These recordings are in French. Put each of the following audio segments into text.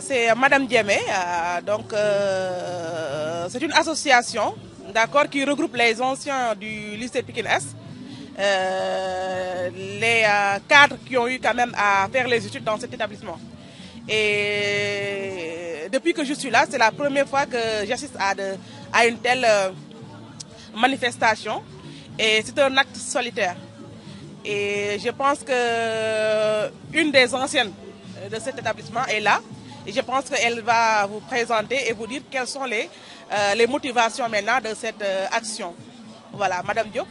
c'est euh, Madame Diemé. Euh, donc, euh, c'est une association d'accord, qui regroupe les anciens du lycée Pikine S, les cadres qui ont eu quand même à faire les études dans cet établissement. Et depuis que je suis là, c'est la première fois que j'assiste à, une telle manifestation. Et c'est un acte solitaire. Et je pense que une des anciennes de cet établissement est là je pense qu'elle va vous présenter et vous dire quelles sont les, euh, motivations maintenant de cette euh, action. Voilà, Madame Diop.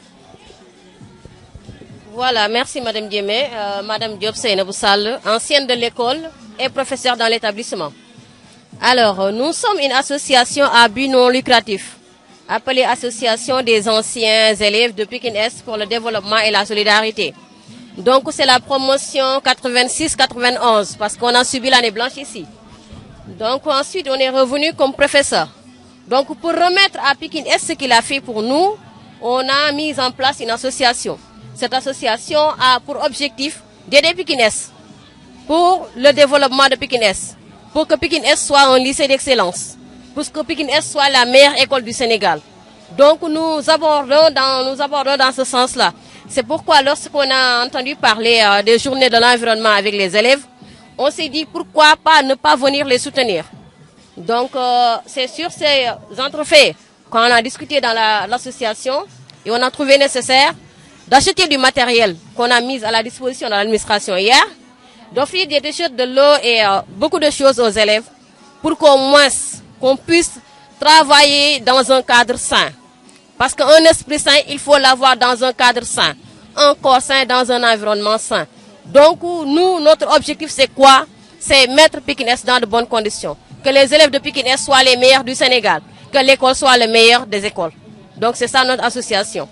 Voilà, merci Madame Diemé. Euh, Madame Diop une ancienne de l'école et professeure dans l'établissement. Alors, nous sommes une association à but non lucratif, appelée Association des anciens élèves de Pékin Est pour le développement et la solidarité. Donc, c'est la promotion 86-91, parce qu'on a subi l'année blanche ici. Donc ensuite, on est revenu comme professeur. Donc pour remettre à Pékin S ce qu'il a fait pour nous, on a mis en place une association. Cette association a pour objectif d'aider Pékin S pour le développement de Pékin S, pour que Pékin S soit un lycée d'excellence, pour que Pékin S soit la meilleure école du Sénégal. Donc nous abordons dans, nous abordons dans ce sens-là. C'est pourquoi lorsqu'on a entendu parler euh, des journées de l'environnement avec les élèves, on s'est dit pourquoi pas ne pas venir les soutenir. Donc euh, c'est sur ces entrefaits qu'on a discuté dans l'association et on a trouvé nécessaire d'acheter du matériel qu'on a mis à la disposition de l'administration hier, d'offrir des déchets de l'eau et euh, beaucoup de choses aux élèves pour qu'on puisse travailler dans un cadre sain. Parce qu'un esprit sain, il faut l'avoir dans un cadre sain, un corps sain dans un environnement sain. Donc, nous, notre objectif, c'est quoi C'est mettre Pékinès dans de bonnes conditions. Que les élèves de Pékinès soient les meilleurs du Sénégal. Que l'école soit la meilleure des écoles. Donc, c'est ça notre association.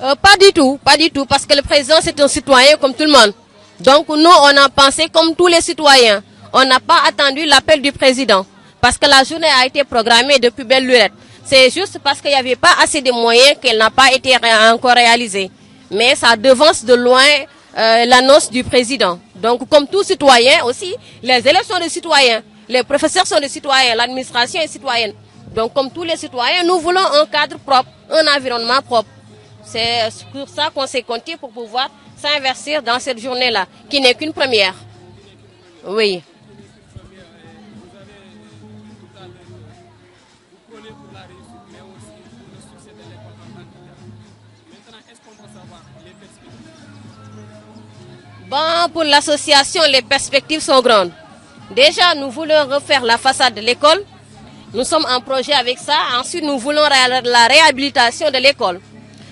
Euh, pas du tout, pas du tout, parce que le président c'est un citoyen comme tout le monde. Donc nous, on a pensé comme tous les citoyens. On n'a pas attendu l'appel du président, parce que la journée a été programmée depuis belle lurette. C'est juste parce qu'il n'y avait pas assez de moyens qu'elle n'a pas été encore réalisée. Mais ça devance de loin euh, l'annonce du président. Donc comme tout citoyens aussi, les élèves sont des citoyens, les professeurs sont des citoyens, l'administration est citoyenne. Donc comme tous les citoyens, nous voulons un cadre propre, un environnement propre. C'est pour ça qu'on s'est compté pour pouvoir s'investir dans cette journée-là, qui n'est qu'une première. Oui. Bon, pour l'association, les perspectives sont grandes. Déjà, nous voulons refaire la façade de l'école. Nous sommes en projet avec ça. Ensuite, nous voulons la réhabilitation de l'école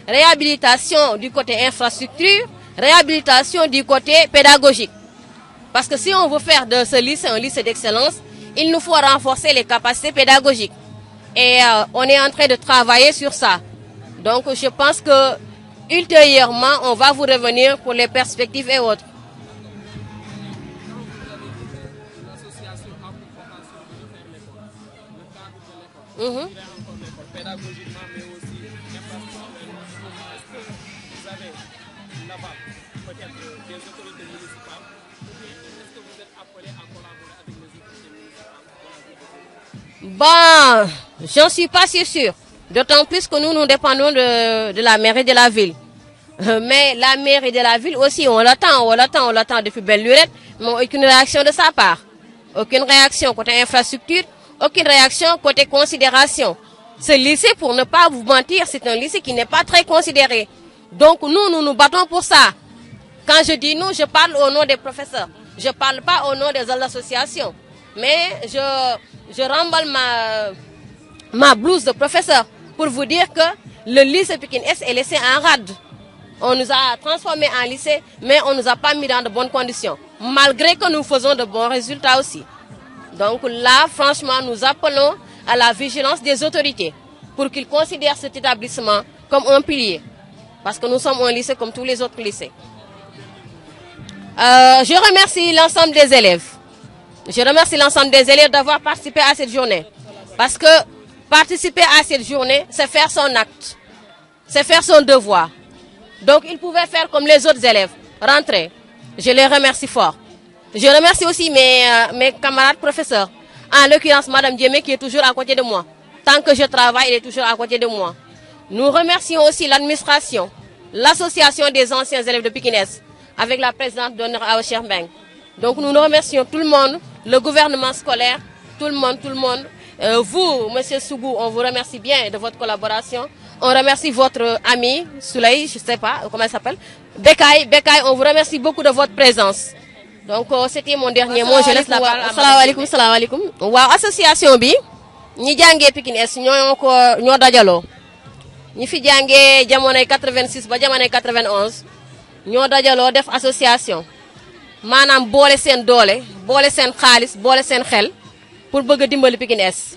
réhabilitation du côté infrastructure, réhabilitation du côté pédagogique. Parce que si on veut faire de ce lycée un lycée d'excellence, il nous faut renforcer les capacités pédagogiques. Et euh, on est en train de travailler sur ça. Donc je pense que ultérieurement, on va vous revenir pour les perspectives et autres pédagogiquement, mais aussi des que est-ce euh, que vous avez là-bas peut-être euh, des autorités municipales est-ce que vous êtes appelé à collaborer avec les autorités municipales Bon, j'en suis pas si sûr. D'autant plus que nous, nous dépendons de, de la mairie de la ville. Euh, mais la mairie de la ville aussi, on l'attend, on l'attend, on l'attend depuis belle lurette, mais aucune réaction de sa part. Aucune réaction côté infrastructure, aucune réaction côté considération. Ce lycée, pour ne pas vous mentir, c'est un lycée qui n'est pas très considéré. Donc nous, nous nous battons pour ça. Quand je dis nous, je parle au nom des professeurs. Je ne parle pas au nom des associations. Mais je, je remballe ma, ma blouse de professeur pour vous dire que le lycée Pékin S est laissé en rade. On nous a transformé en lycée, mais on ne nous a pas mis dans de bonnes conditions, malgré que nous faisons de bons résultats aussi. Donc là, franchement, nous appelons à la vigilance des autorités pour qu'ils considèrent cet établissement comme un pilier. Parce que nous sommes un lycée comme tous les autres lycées. Euh, je remercie l'ensemble des élèves. Je remercie l'ensemble des élèves d'avoir participé à cette journée. Parce que participer à cette journée, c'est faire son acte. C'est faire son devoir. Donc ils pouvaient faire comme les autres élèves, rentrer. Je les remercie fort. Je remercie aussi mes, euh, mes camarades professeurs en l'occurrence, Madame Diémé qui est toujours à côté de moi. Tant que je travaille, elle est toujours à côté de moi. Nous remercions aussi l'administration, l'association des anciens élèves de Pékinès, avec la présence d'honneur à Ocherbeng. Donc nous, remercions tout le monde, le gouvernement scolaire, tout le monde, tout le monde. Euh, vous, Monsieur Sougou, on vous remercie bien de votre collaboration. On remercie votre ami, Souley, je ne sais pas comment il s'appelle. Bekaï, Bekaï, on vous remercie beaucoup de votre présence. donc c'était mon dernier mot je laisse la parole assalamu alaykum assalamu alaykum waaw association bi ñi jàngee Pikine Est ñoo ko ñoo ñi fi jàngee jamonoy 86 ba jamonoy 91 ñoo dajaloo def association maanaam boole sen doole boole sen xaalis boole sen xel pour bëgg a dimbali Pikine Est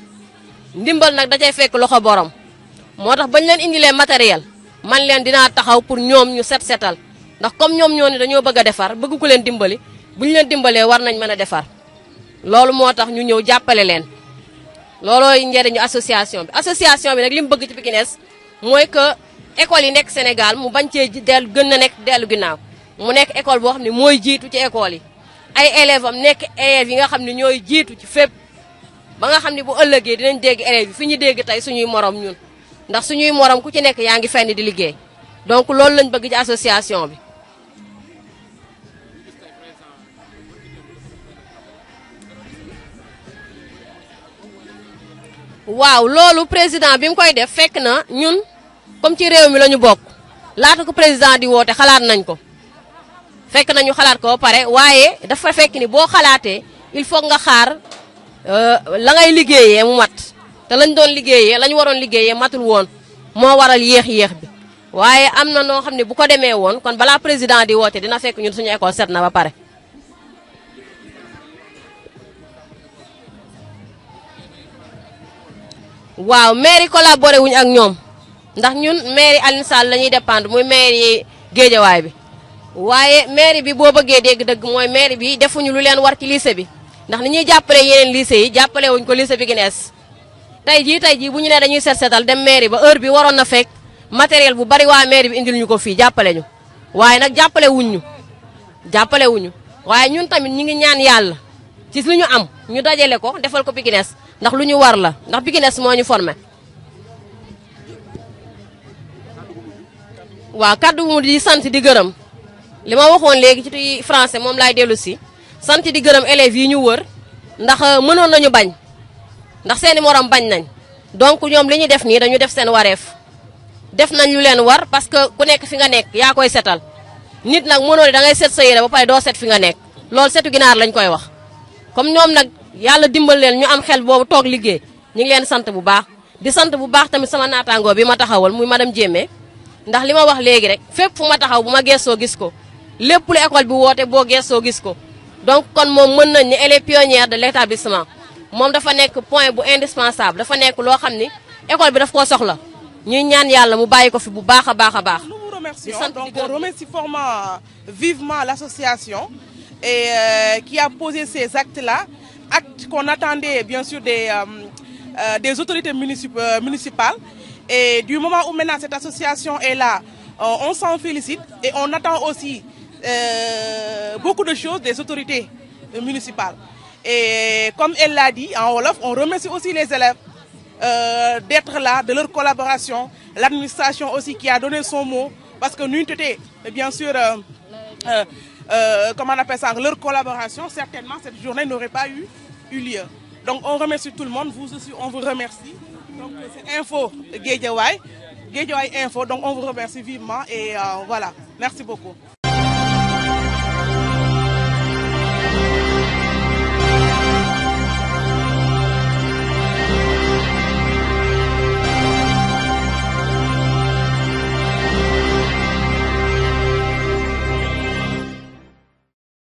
nak nag dacay fekk loxo borom moo tax bañ leen indilee matériel man leen dinaa taxaw pour ñoom ñu set setal ndax comme ñoom ñoo ne dañoo bëgg a bëgg ku leen dimbali bu ñu leen dimbalee war nañ mën a defar loolu moo tax ñu ñëw jàppale leen loolooy njëriñu association bi association bi nag li mu bëgg ci Pikines mooy que école yi nekk Sénégal mu bañ cee dellu gën a nekk dellu ginnaaw mu nekk école boo xam ne mooy jiitu ci école yi ay élèves am nekk élèves yi nga xam ne ñooy jiitu ci fépp ba nga xam ne bu ëllëgee dinañ dégg élèves yi fi ñu dégg tey suñuy morom ñun ndax suñuy morom ku ci nekk yaa ngi fenn di liggéey donc loolu lañ bëgg ci association bi waaw loolu président bi mu koy def fekk na ñun comme ci réew mi la ñu bokk laata ko président di woote xalaat nañ ko fekk nañu xalaat ko ba pare waaye dafa fekk ni boo xalaatee il faut nga xaar euh, la ngay liggéeyee mu mat te lañ doon liggéeye la ñu waroon liggéeyee matul woon moo waral yéex-yéex bi waaye am na noo xam ne bu ko demee woon kon bala président di woote dina fekk ñun suñu école set na ba pare waaw maire yi collaboré wuñ ak ñoom ndax ñun maire yi Alioune Sall la ñuy dépendre muy maire yi géejawaay bi waaye maire bi boo bëggee dégg-dëgg mooy maire bi defuñu lu leen war ci lycée bi ndax ni ñuy jàppale yeneen lycée yi jàppale ko lycée bi gën es tey jii tey bu ñu nee dañuy set setal dem maire ba heure bi waroon na fekk matériel bu bari waa maire bi indil ñu ko fii jàppale ñu waaye nag jàppale wuñ ñu jàppale wuñu waaye ñun tamit ñu ngi ñaan yàlla ci li ñu am ñu dajale ko defal ko Pikines ndax luñu war la ndax bikines moñu formé wa kaddu mu di sante di gërëm lima ma waxoon ci français mom lay ci sante di gërëm élève yi ñu wër ndax euh, mënon nañu bañ ndax seeni morom bañ nañ donc ñom liñu def ni dañu def seen wareef def nañ lu leen war parce que ku nekk fi nga nekk ya koy setal nit nak mënon da ngay set sa yéré ba pay do set fi nga nekk lool setu ginaar lañ koy wax comme ñom nak yalla dimbal leen ñu am xel boobu tok liggé ñu ngi leen sante bu baax di sante bu baax tamit sama natango bi ma taxawal muy madame Jéeme ndax lima wax légui rek fépp fu ma taxaw bu ma geesoo gis ko lepp lu école bi woté bo gesso gis ko donc kon mom meun nañ ni elle est pionnière de l'établissement mom dafa nek point bu indispensable dafa nek lo xamni école bi daf ko soxla ñuy ñaan yalla mu bayiko fi bu baaxa baaxa baax a baax di sant donc on remercie fortement vivement l'association et euh, qui a posé ces actes là acte qu'on attendait bien sûr des, euh, euh, des autorités euh, municipales. Et du moment où maintenant cette association est là, on s'en félicite et on attend aussi beaucoup de choses des autorités municipales. Et comme elle l'a dit en Wolof, on remercie aussi les élèves d'être là, de leur collaboration, l'administration aussi qui a donné son mot, parce que nous, bien sûr, euh, comment on appelle ça, leur collaboration, certainement cette journée n'aurait pas eu, eu lieu. Donc on remercie tout le monde, vous aussi on vous remercie. Donc c'est Info Guédiawaï, Info, donc on vous remercie vivement et euh, voilà, merci beaucoup.